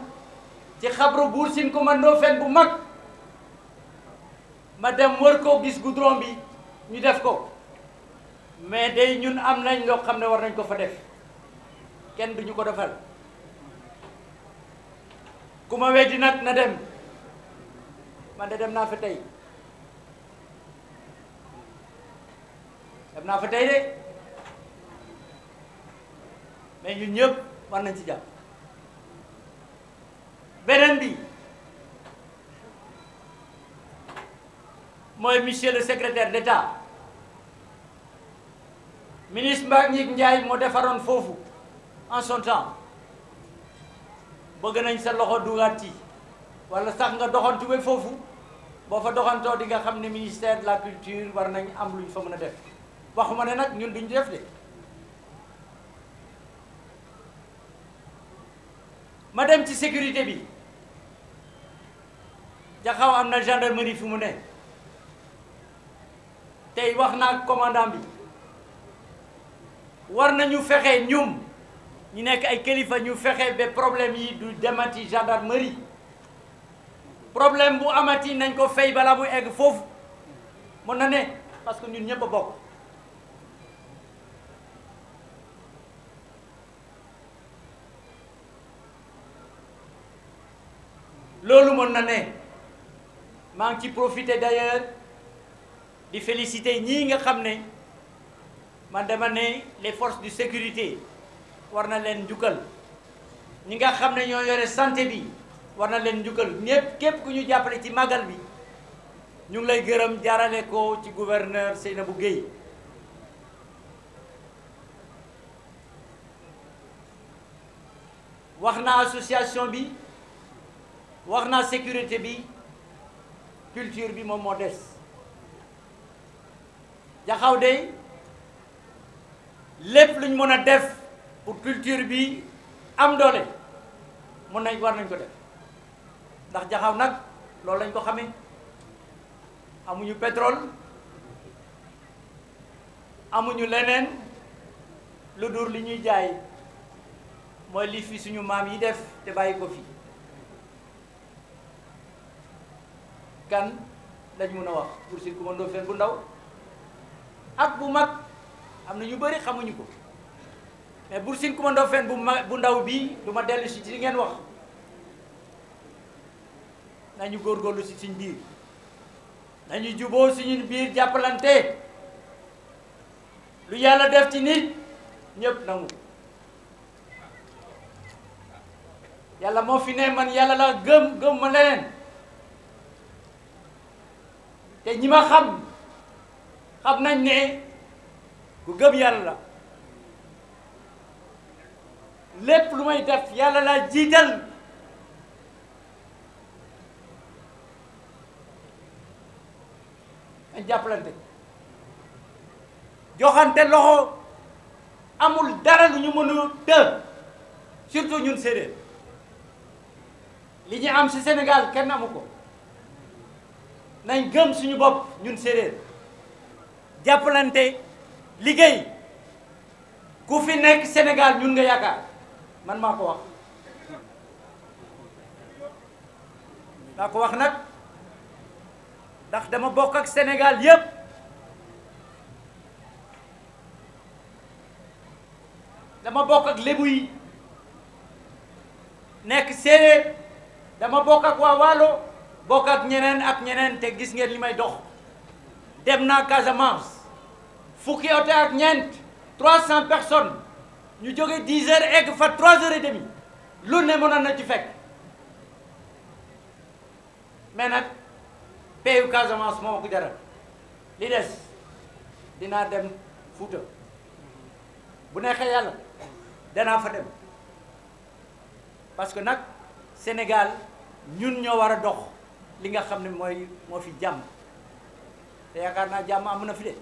ci xabru buur sin ko ma Ndofane bu mag ma dem wër koo gis goudron bi ñu def ko mais day ñun am nañ loo xam ne war nañ ko fa def kenn duñu ko defal ku ma weddi nag na dem man de dem naa fa tey dem naa fa tey de mais ñun ñëpp war na ci jàpp beneen bi mooy monsieur le secrétaire d'État ministre Mbagnick Ndiaye moo defaroon foofu en son temps bëgg nañ sa loxo dugaat ci wala sax nga doxantu ba foofu boo fa doxantoo di nga xam ne ministère de la culture war nañ am luñ fa mën a def waxuma ne nag ñun duñ def de ma dem ci sécurité bi jaxaw am na gendarmerie fu mu ne tey wax naa commandant bi war nañu fexe ñum ñu nekk ay kilifa ñu fexe ba problème yi du demati gendarmerie problème bu amati nañ ko fay balaa mu egg foofu mën na ne parce que ñun ñëpp a bokk loolu mën na ne maa ngi ci profité d'ailleurs di féliciter ñi nga xam ne ma dama ne les forces de sécurité war na leen njukkal ñi nga xam ne ñoo yore santé bi war na leen njukkal ñëpp képp ku ñu jàppale ci màggal bi ñu ngi lay gërëm jaarale ko ci gouverneur Seynabou Guèye wax naa association bi wax naa sécurité bi culture bi moom moo des jaxaw de lépp luñ mën a def pour culture bi am doole mun nañ war nañ ko def ndax jaxaw nag loolu lañ ko xame amuñu pétrole amuñu leneen lu dur li ñuy jaay mooy li fi suñu maam yi def te bàyyi ko fi kan lañ mun a wax Buur Sine Coumba Ndofféne bu ndaw ak bu mag am na ñu bëri xamuñu ko mais Bour Sine Coumba fen bu ma bu ndaw bii du ma dellu ci li ngeen wax nañu góorgóorlu si suñ biir nañu juboo suñu biir jàppalante lu yàlla def ci nit ñëpp nangu yàlla moo fi ne man yàlla la gëm gëm ma leneen te ñi ma xam xam nañ ne ku gëm yàlla la lépp lu may def yàlla laa jiital dañ jàppalante joxante loxo amul dara lu ñu mën a surtout ñun séeréer li ñu am ci Sénégal kenn amu ko nañ gëm suñu bopp ñun séeréer jàppalante liggéey ku fi nekk Sénégal ñun nga yaakaar man maa ko wax maa ko wax nag ndax dama bokk ak Sénégal yépp dama bokk ak lébu yi nekk séeréer dama bokk ak waa bokk ak ñeneen ak ñeneen te gis ngeen li may dox dem naa Casamance fukki oto ak ñeent trois cent personnes ñu jóge dix heures egg fa trois heures et demi lu ne mënoon na ci fekk mais nag payu Casamance moo ko jaral li des dinaa dem Fuuta bu neexee yàlla danaa fa dem parce que nag Sénégal ñun ñoo war a dox li nga xam ne mooy moo fi jàmm te yaakaar naa jàmm am na fi de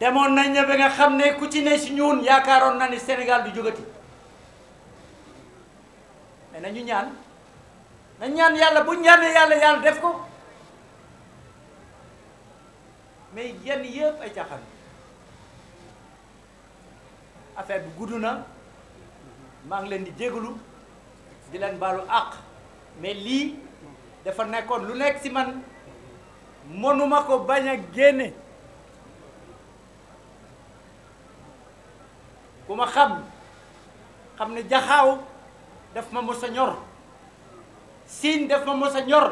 demoon nañ ne ba nga xam ne ku ci ne si ñun yaakaaroon na ni Sénégal du jógati mais nañu ñaan nañ ñaan yàlla bu ñaanee yàlla yàlla def ko mais yenn yëpp ay caaxaan affaire bu gudd na maa ngi leen di jégalu di leen baalu àq mais lii dafa nekkoon lu nekk si man mënuma ko bañ a génne ku ma xam xam ne jaxaaw daf ma mos ñor siin daf ma mos a ñor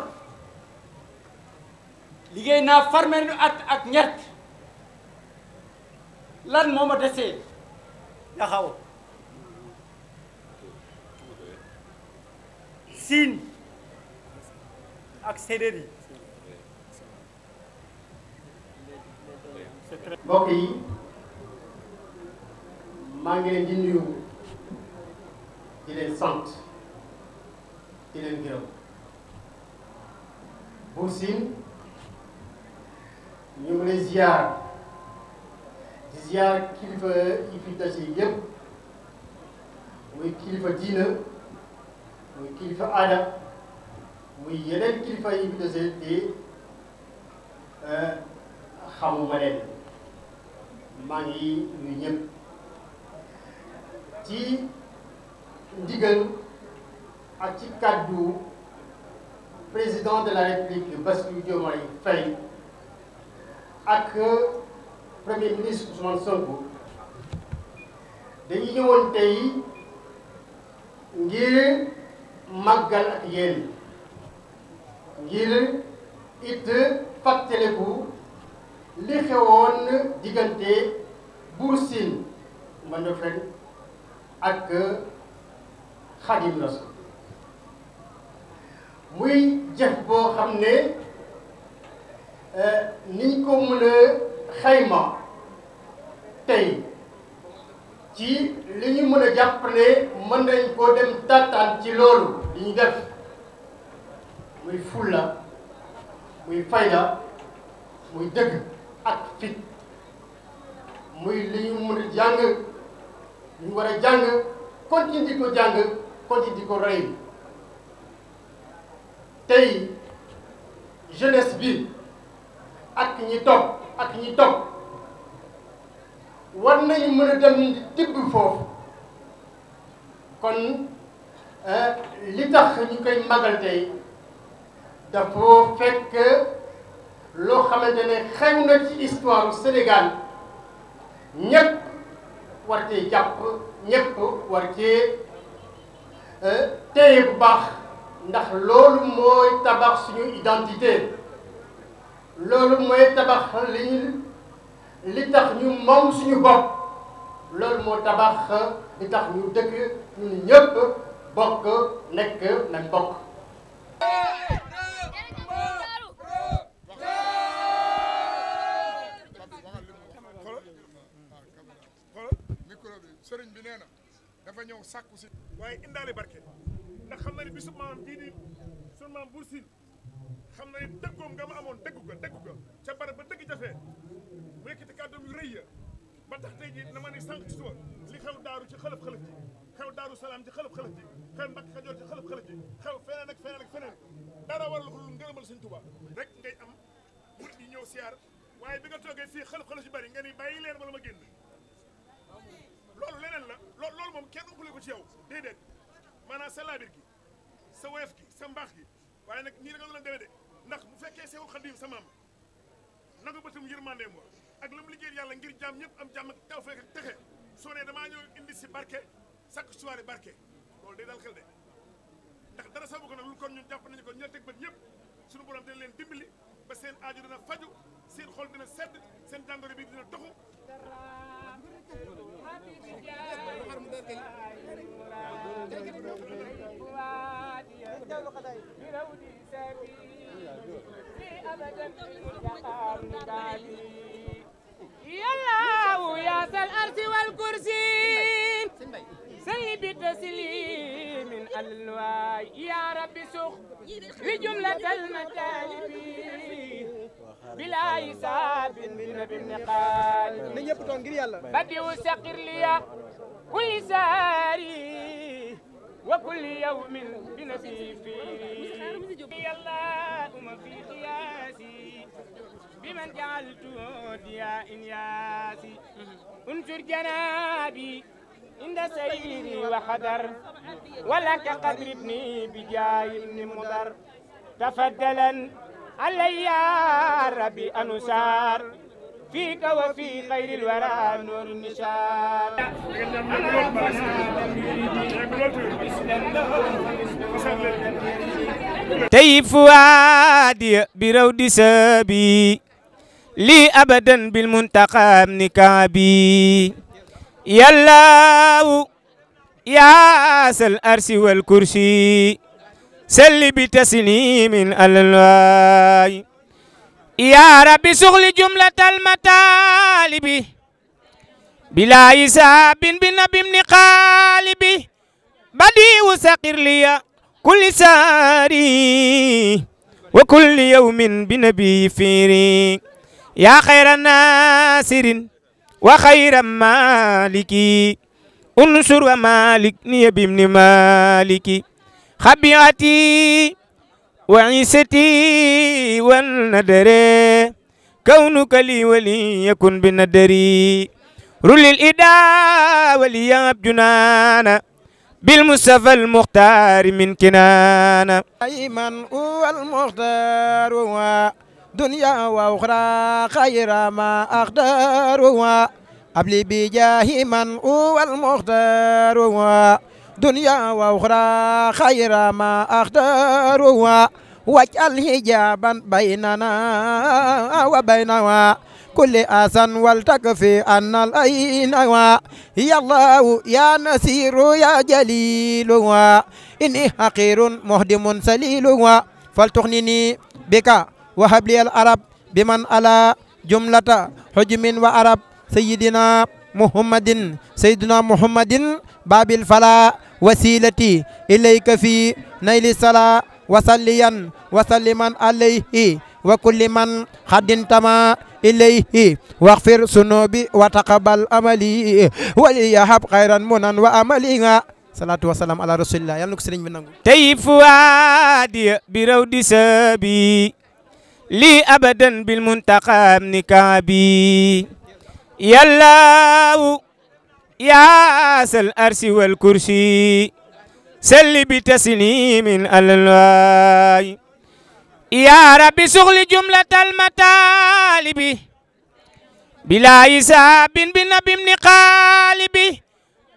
liggéey naa farmeenu at ak ñett lan moo ma desee jaxaaw siin ak séeréer yi maa ngi leen di nuyu di sant di leen gërëm Buur Sine ñu ngi lay ziar di ziar kilifa yi fi daje yépp muy kilifa diina muy kilifa aada muy yeneen kilifa yi fi daje te eh, xamuma leen maa ngi nuyu ñëpp. ci ndigal ak ci kàddu président de la république Bassirou Diomaye Faye ak premier ministre Ousmane Sonko dañu ñëwoon tey ngir màggal ak yéen ngir it fàttaliku li xewoon diggante Buur Siin Mandofeen ak Xadim Rasul muy jëf boo xam ne euh, niñ ko mën a xayma tey ci li ñu mën a jàpp ne mën nañ koo dem tàttaan ci loolu li ñu def muy fulla muy fayda muy dëgg ak fit muy li ñu mën a jàng ñu war a jàng continue di ko jàng continue di ko roy tey jeunesse bi ak ñi topp ak ñi topp war nañ mën a dem di tibb foofu kon eh, li tax ñu koy magal tey dafa fekk loo xamante ne xew na ci histoire Sénégal ñëpp war cee jàpp ñëpp war cee euh, téye bu baax ndax loolu mooy tabax suñu identité loolu mooy tabax li ñu li tax ñu moom suñu bopp loolu moo tabax li tax ñu dëkk ñun ñëpp bokk nekk nañ bokk dafa ñëw sàkku si waaye indaale barke ndax xam na ne bisu maam bii di sunu maam Buur Siin xam na ne dëggoom nga ma amoon dëggu ga dëggu ga ca barab ba dëgg jafee mu yëkkati kàddoom yu rëy ya ba tax tey jii na ma ne sànq ci suba li xew daaru ci xalëf xalëf ji xew daaru salaam ci xalëf xalëf ji xew mbakk xajoor ci xalëf xalëf ji xew feneen ak feneen ak feneen dara waral ko lu ngërëmal sëñ Tuubaa rek ngay am murit yi ñëw siyaar waaye bi nga toogee fii xalëf xalëf yu bari nga ni bàyyi leen la ma génn ci yow déedéet maanaam sa laabir gi sa woyof gi sa mbaax gi waaye nag nii da nga doon demee de ndax bu fekkee Seexul Xadiim sa maam nangu bëtam yërmande mo ak lu mu liggéeyal yàlla ngir jàmm ñëpp am jàmm ak tawfeex ak texe soo nee damaa ñëw indi si barke chaque soirée barke loolu day dal xel de ndax dara sabu ko nag lu kon ñun jàpp nañu ko ñu teg bët ñëpp suñu borom dina leen dimbali ba seen aaju dina faju seen xol dina sedd seen jàngoro bi dina toxu يا الله يا ذا الأرض والكرسي سلي بتسليم الواي يا رب سخ بجملة المطالب bila hisaabin bin niqaal na ñëpp toog ngir yàlla badiw saqir liya kulli saari wa kulli yawmin bi nabi fiiri allahumma fi qiyaasi biman jaaltu diya in yaasi unsur janaabi inda sayri wa xadar walaka qadribni bi jaayi ibni mudar tafaddalan علي يا ربي أنصار فيك وفي خير الورى نور النشار تيب فؤادي برود سبي لي أبدا بالمنتقى من كعبي يا الله يا سل الأرس والكرسي سل بتسليم الواي يا رب سغل جملة المطالب بلا حساب بنبي من قالب بديع سقر لي كل ساري وكل يوم بنبي فيري يا خير ناصر وخير مالكي انصر مالك ني بابن مالكي خبيعتي وعيستي والندر كونك لي ولي يكن بندري رل الإداء ولياب جنانا بالمصطفى المختار من كنانا أيمن هو المختار هو دنيا وأخرى خير ما أقدر هو أبلي بجاه من هو المختار هو دنيا وأخرى خير ما أختارها واجعل حجابا بيننا وبينها كل آسا والتكفي أن الأين يا الله يا نسير يا جليل إني حقير مهدم سليل فلتغنني بك وهب لي العرب بمن على جملة حجم وعرب سيدنا محمد سيدنا محمد baabil fala wasilati ilayka fi nayli sala wasalliyan wasalliman alayhi wa kulli man xaddintama ilayhi waxfir sunubi wa amali waliyahab xayran munan wa amali nga salaatu wa ala rasulillah yàlla na ko sëriñ bi nangu tayib fuwaadi bi di saabi lii abadan bil muntaqaam nikaabi yàllaaw يا ذا العرش والكرسي سل بتسليم على الواي يا رب سغل جملة المطالب بلا حساب بنبي من قالب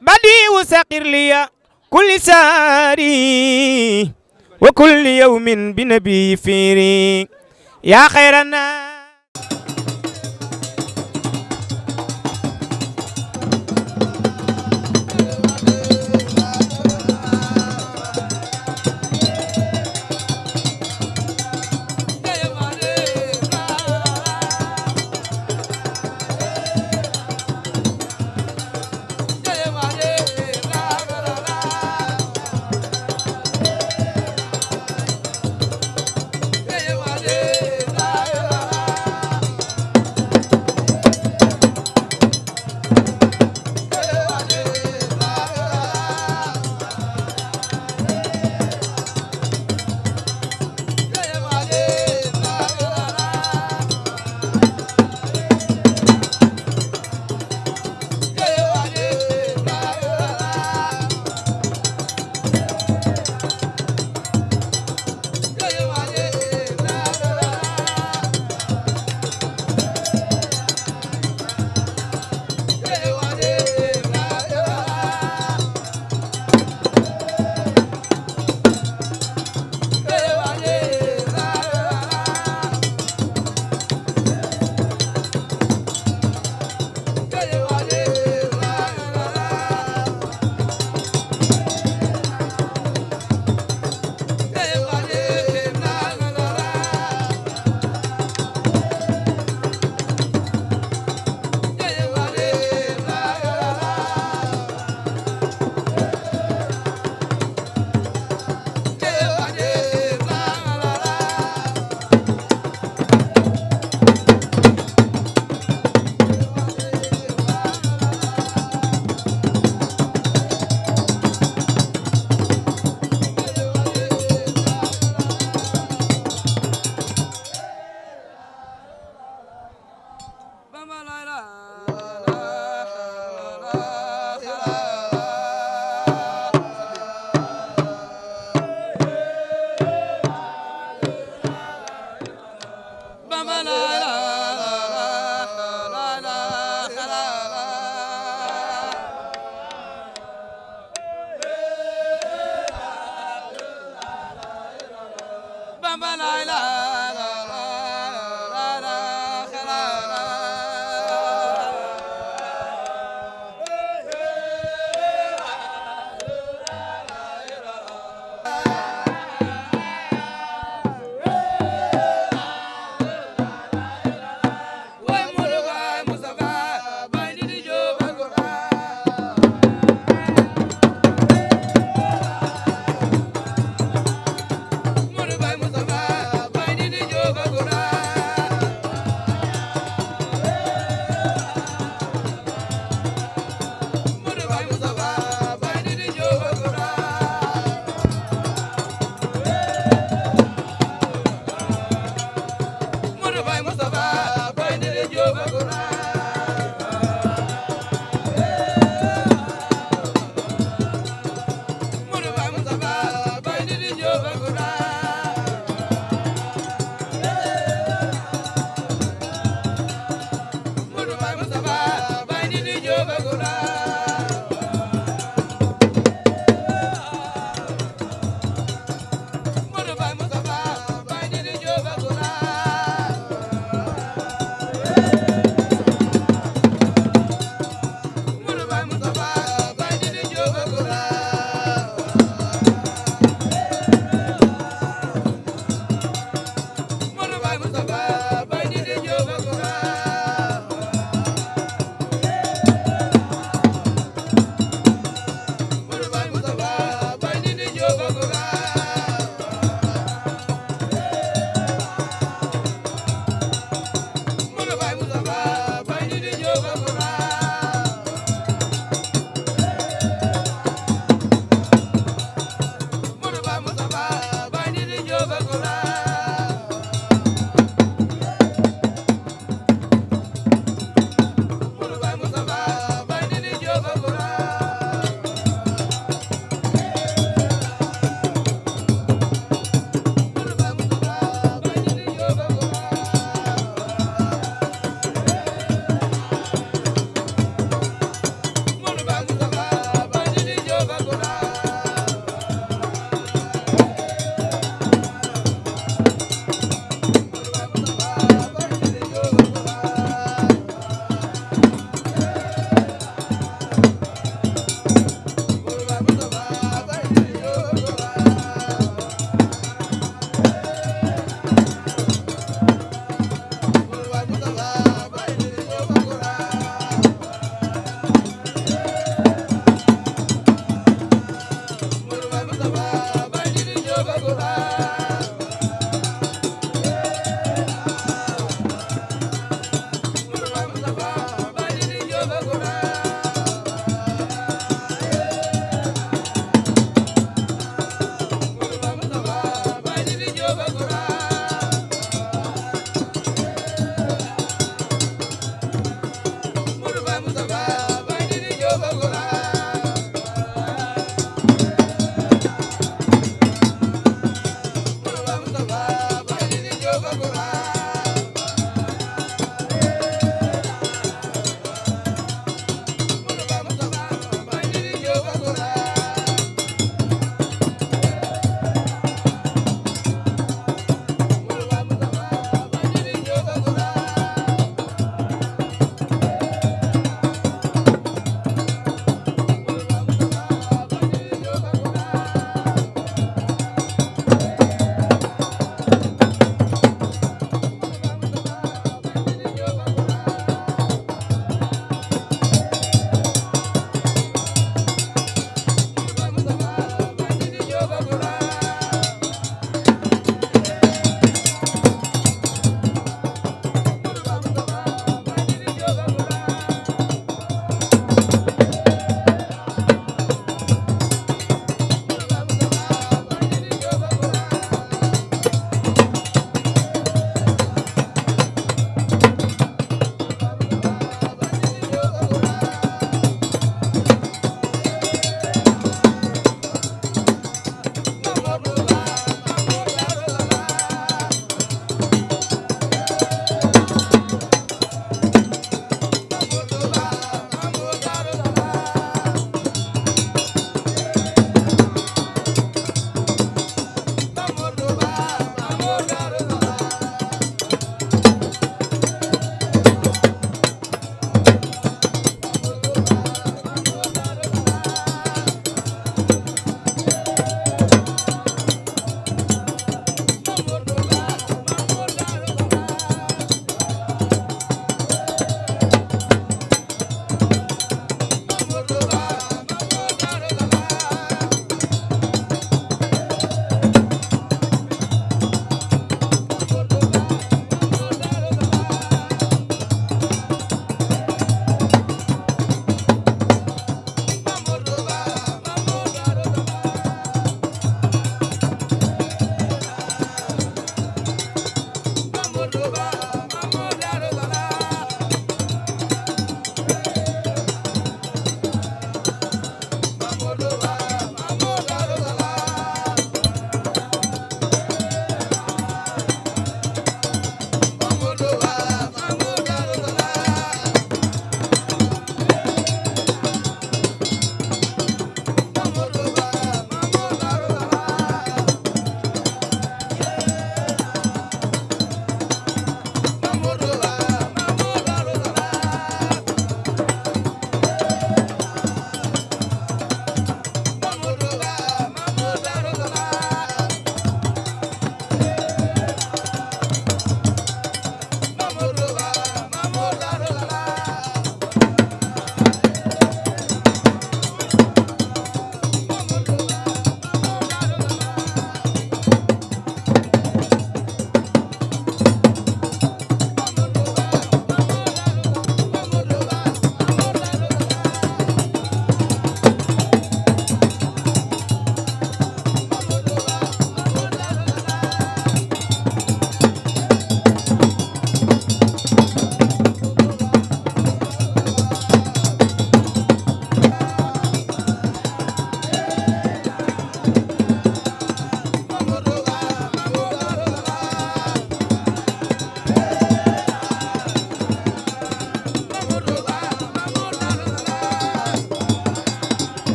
بديع سقر لي كل ساري وكل يوم بنبي فيري يا خير الناس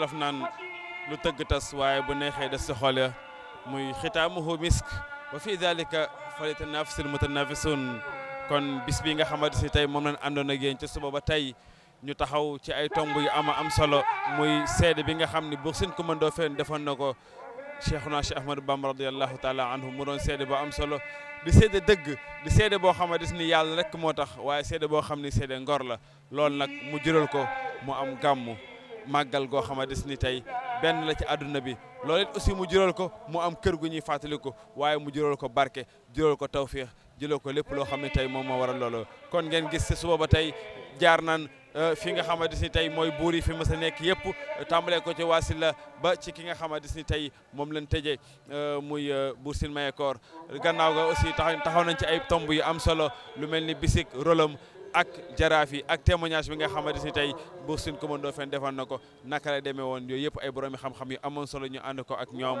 olof naan lu tëgg tas waaye bu neexee des si xol ya muy xitaamuhu misk wa fi dalika falyatanafasil mutanafisun kon bis bi nga xamante ni tey moom lañ àndoon ak yéen ca suba ba tey ñu taxaw ci ay tomb yu ama am solo muy seede bi nga xam ni ne Buur Sine Coumba Ndofféne defoon na ko Cheikhuna Cheikh Ahmadou Bamba radiallahu taala anhu mu doon seede bu am solo di seede dëgg di seede boo xam ne des ni yàlla rek moo tax waaye seede boo xam ne seede ngor la loolu nag mu jural ko mu am gàmmu màggal goo xamante ni tey benn la ci àdduna bi loolu it aussi mu jural ko mu am kër gu ñuy fàttaliku waaye mu jural ko barke jural ko tawféex jëloo ko lépp loo xam ne tey moom moo waral loolu kon ngeen gis ci suba ba tey jaar naan euh, fi nga xamante ni tey mooy buur yi fi mës a nekk yëpp tàmbalee ko ci Wasila ba ci ki nga xamante ni tey moom lañ tëjee euh, muy euh, buur Sine Mayakor gannaaw ga aussi taxaw nañ ci ay tomb yu am solo lu mel ni bisik rolam ak jaraaf yi ak témoignage bi nga xamante ni tey Buur Sine doo feen defoon na ko naka la demee woon yooyu yëpp ay boroomi xam-xam yu amoon solo ñu ànd ko ak ñoom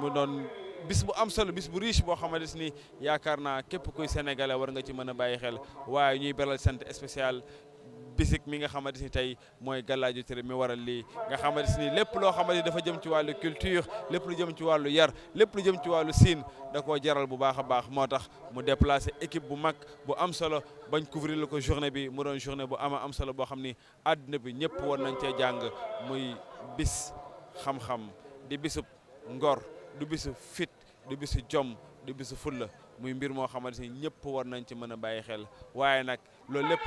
mu doon bis bu am solo bis bu riche boo xamante si ni yaakaar naa képp kuy sénégalais war nga ci mën a bàyyi xel waaye ñuy beral sant spécial bisik mi nga xamante ni tey mooy gàllaaju tere mi waral lii nga xamante ni lépp loo xamante ni dafa jëm ci wàllu culture lépp lu jëm ci wàllu yar lépp lu jëm ci wàllu siin da koo jaral bu baax a baax moo tax mu déplacé équipe bu mag bu am solo bañ couvrir ko journée bi mu doon journée bu ama am solo boo xam ni àdduna bi ñëpp war nañ cee jàng muy bis xam-xam di bisub ngor du bisu fit du bisu jom du bisu fulla muy mbir moo xamante ni ñëpp war nañ ci mën a bàyyi xel waaye nag loolu lépp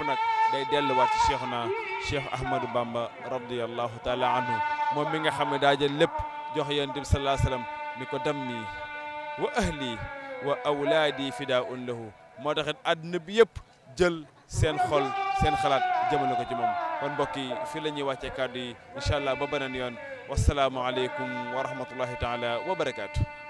day delluwaat ci cheikh na cheikh ahmadou bamba radiallahu taala anhu moom mi nga xam ne daa lépp jox yonent bi sallallahu alayhi wasallam ko dammi wa ahli wa awlaadi fidaun lahu moo taxit àdduna bi yëpp jël seen xol seen xalaat jëmale ko ci moom kon mbokk yi fii la ñuy wàccee kàddu yi incha allah ba beneen yoon wa rahmatullahi taala wa barakaatu.